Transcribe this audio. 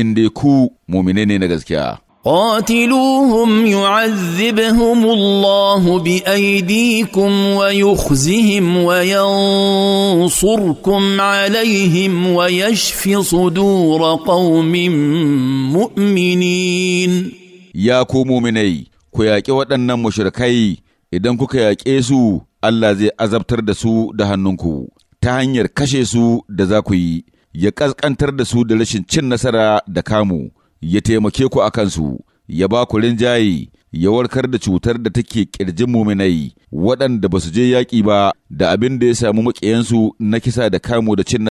in dai ku mumine ne na gaskiya. Ƙatiluhun yi azzibe humullahu bi aidikun wa yi huzihim wa yau surkun alaihim wa ya dura ƙaumin mu’aminin. Ya ku muminai, ku yaƙi waɗannan mushirikai, idan kuka yaƙe su Allah zai azabtar da su da hannunku ta hanyar kashe su da za ku yi, ya ƙasƙantar da su da rashin cin nasara da kamu, ya taimake ku a kansu, ya ba ku rinjaye, ya warkar da cutar da take ƙirjin muminai waɗanda ba su je yaƙi ba da abin da ya samu maƙiyansu na kisa da kamu da cin